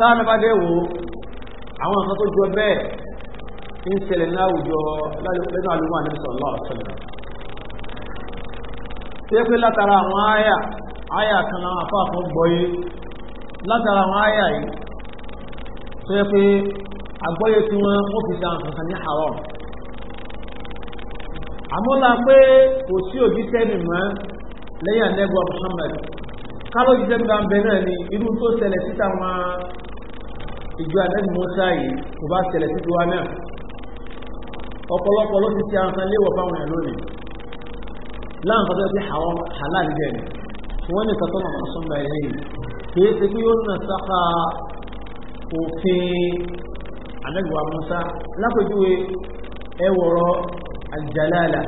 táwọn bá dé wò àwọn nǹkan tó jọ bẹ́ẹ̀ ń ṣẹlẹ̀ ní àwùjọ lẹ́nu àlùmọ́ àti sọ̀lọ́ ọ̀sẹ̀lẹ̀ tí pé látara àwọn àyà àyà kan àwọn afá kan latara látara àwọn àyà yìí tó pé àgbọ́yé tí wọ́n ó fi sa nǹkan ní àárọ̀ àmọ́lá pé kò sí òjíṣẹ́ nìmọ́ lẹ́yìn ànẹ́gbọ́ Muhammad ni irú tó ṣẹlẹ̀ síta wọn ìjọ àdájú mọ́sá yìí kò bá tẹ̀lẹ̀ sí tiwa náà ọ̀pọ̀lọpọ̀ ló ti ti àǹkan léwọ̀ fáwọn ẹ̀ lónìí láǹkan tó ti àwọn halal jẹ́ ni wọ́n ní kàtọ́ màmá sọ́mbà ilé kìí ṣe kí ó nà sáfà òfin àdájúwa mọ́sá lápèjúwe ẹwọ̀rọ̀ aljalala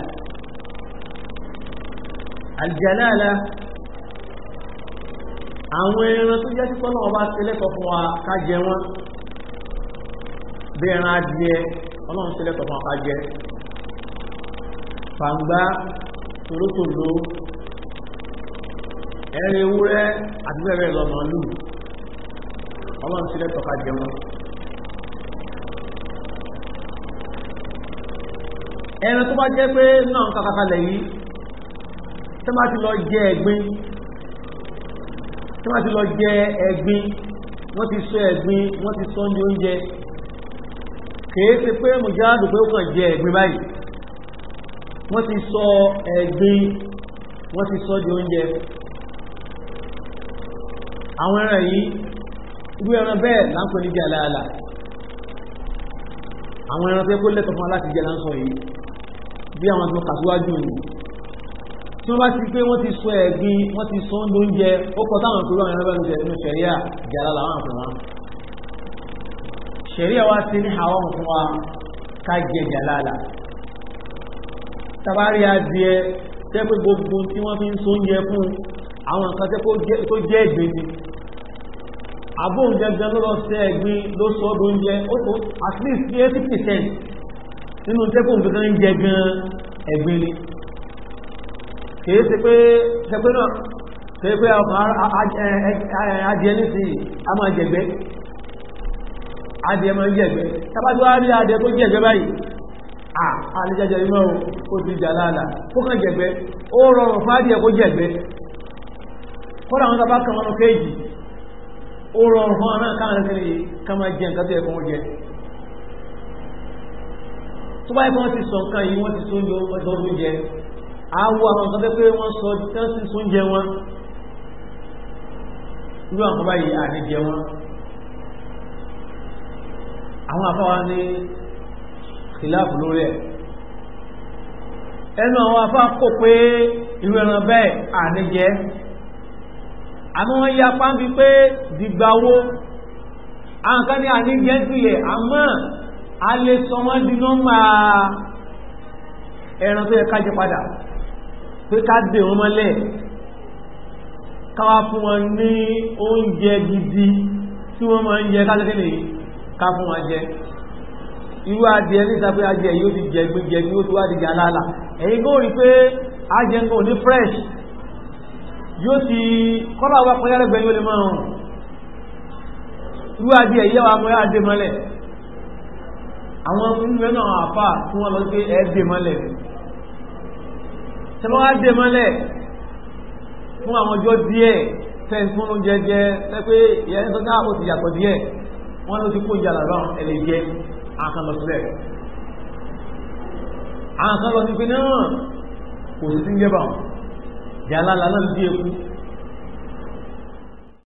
aljalala àwọn ẹran tó jẹ́ sípọ́ náà bá tẹ́lẹ̀kọ́ fún wa ká jẹ wọ́n bí ẹran adìẹ ọlọ́run tẹ́lẹ̀kọ́ fún wa ká jẹ fàǹgbá tòlótòló ẹrin ewúrẹ́ àti bẹ́ẹ̀ bẹ́ẹ̀ ọlọ́run ká jẹ tí wọ́n ti lọ jẹ ẹ̀gbin wọ́n ti sọ ẹ̀gbin wọ́n ti sọ oúnjẹ oúnjẹ kìí ṣe pé mùjáàdù pé ó kàn jẹ ẹ̀gbin báyìí wọ́n ti sọ ẹ̀gbin wọ́n ti sọ di oúnjẹ àwọn ẹran yìí irú ẹran bẹ́ẹ̀ là ń pè ní jàlàlà àwọn ẹran tó kó lẹ́tọ̀ọ́ fún wa láti jẹ láǹsọ̀ yìí bí àwọn tó kà síwájú yìí tí wọ́n bá ti pé wọ́n ti sọ ẹ̀gbin wọ́n ti sọ oúnjẹ ó kọ táwọn àpérò àwọn ẹ̀rọ oúnjẹ nínú ṣẹ̀ríà jàlá làwọn àpò wọn ṣẹ̀ríà wa ti ní àwọn fún wa ká jẹ jàlá là tabari adìẹ tẹ́ pé gbogbo tí wọ́n fi ń sọ oúnjẹ fún àwọn nǹkan tó jẹ́ ẹ̀gbin ni àbó oúnjẹ gan ló lọ sí ẹ̀gbin ló sọ ọdún oúnjẹ ó tó at least eighty percent nínú tẹ́kùn gangan gan ẹ̀gbin ni. kìí ṣe pé ṣẹgbẹ́ náà ṣe pé adìẹ a máa jẹgbẹ́ adìẹ máa ń jẹgbẹ́ tábàtí wá rí adìẹ báyìí ti jà kó kàn ó rọrùn fún adìẹ kó kọ́nà àwọn tàbá kan kéèjì ó rọrùn fún káàrin kiri ká máa jẹ nǹkan tó yẹ kó wọ́n jẹ tó báyìí ti àwọ àwọn nǹkan pé wọ́n sọ tán sí súnjẹ wọn irú àwọn báyìí àníjẹ wọn àwọn afáwa ní kìláàfù lórí ẹ̀ ẹnu àwọn afá kò pé irú ẹran bẹ́ẹ̀ àníjẹ àmọ́ wọ́n yá pàǹbí pé dìgbàwó àwọn kan ní àníjẹ sílẹ̀ àmọ́ a lè sọ wọ́n di nọ́mbà ẹran tó yẹ ká padà pé ká dè wọ́n mọ́lẹ̀ káwá fún wọn ní oúnjẹ gidi tí wọ́n máa ń jẹ kájẹ́kẹ́lẹ̀ yìí ká fún wọn jẹ irú adìẹ ní ìsàpé adìẹ yóò ti jẹ gbẹgbẹ tí ó ti wá dìjà lálà ẹ̀yìn kó rí pé ajẹ ń kò ní fresh yóò ti kọ́lá wa pẹ́ yálẹ́gbẹ́ yóò lè máa hàn irú adìẹ yíyá wa pẹ́ adé mọ́lẹ̀ àwọn oúnjẹ náà àfà tí wọ́n lọ sí ẹ́ dé mọ́lẹ̀ tẹ́lọ́ wá dé mọ́lẹ̀ fún àwọn ọjọ́ díẹ̀ fẹ́ fún oúnjẹ jẹ pé ìyá ẹni tó dáa ó ti yàtọ̀ díẹ̀ wọ́n ló ti kó ìjà lọ́rọ̀ ẹ̀lẹ́ jẹ àkàn lọ sílẹ̀ àkàn lọ sí pé náà kò sí sí ń jẹ́ bà jàlá làlá ń bí eku